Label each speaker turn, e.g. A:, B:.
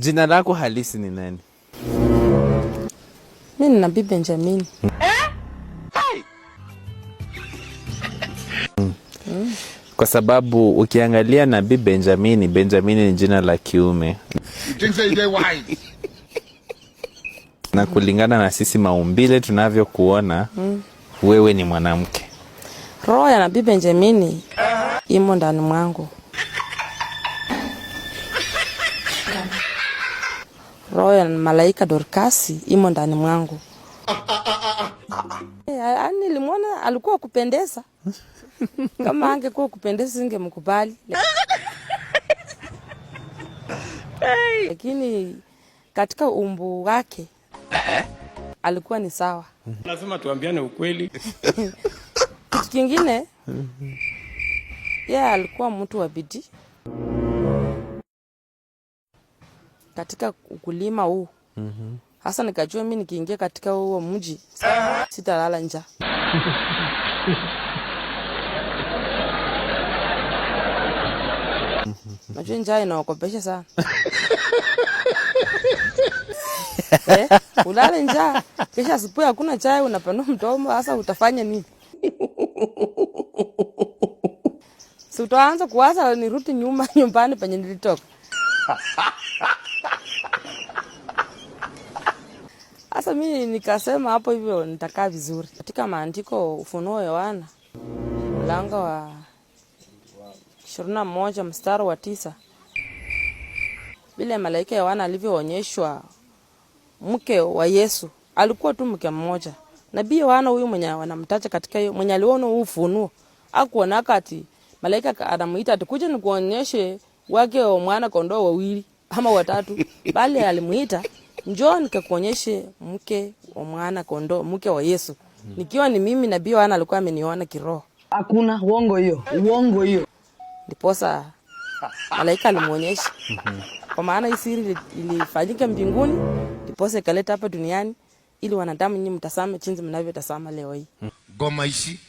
A: Jina lako halisi ni nani?
B: Mimi ni Nabii Benjamin.
A: Mm. Kwa sababu ukiangalia Nabii Benjamini, Benjamini ni jina la kiume na kulingana na sisi maumbile tunavyokuona, mm. wewe ni mwanamke.
B: Roho ya Nabii Benjamini imo ndani mwangu. roho ya malaika Dorkasi imo ndani mwangu. Eh, nilimwona alikuwa kupendeza, kama angekuwa kupendeza singemkubali, lakini katika umbu wake alikuwa ni sawa.
A: Lazima tuambiane ukweli.
B: Kingine yeye alikuwa mtu wa bidii katika ukulima huu mhm. hasa, nikajua mimi nikiingia katika huo mji sitalala nja Najua njaa inaokopesha sana eh, ulale njaa kisha asubuhi hakuna chai, unapanua mtomo hasa utafanya nini? si utaanza kuwaza nirudi nyuma nyumbani penye nilitoka. Sasa mi nikasema hapo hivyo nitakaa vizuri katika maandiko Ufunuo Yohana mlango wa ishirini na moja mstari wa tisa vile malaika Yohana alivyoonyeshwa mke wa Yesu alikuwa tu mke mmoja. Nabii Yohana huyu mwenye wanamtaja katika hiyo mwenye aliona huu ufunuo akuonaka ati malaika anamuita ati kuja nikuonyeshe wake wa mwana kondoo wawili ama watatu bali alimuita njoo nikakuonyeshe mke wa mwana kondoo, mke wa Yesu. Hmm. Nikiwa ni mimi nabii wana alikuwa ameniona kiroho.
A: Hakuna uongo hiyo, uongo hiyo.
B: Ndiposa malaika alimuonyesha. Kwa maana hii siri ilifanyika mbinguni, ndiposa ikaleta hapa duniani ili wanadamu nyinyi mtasame chinzi mnavyotazama leo hii. Goma ishi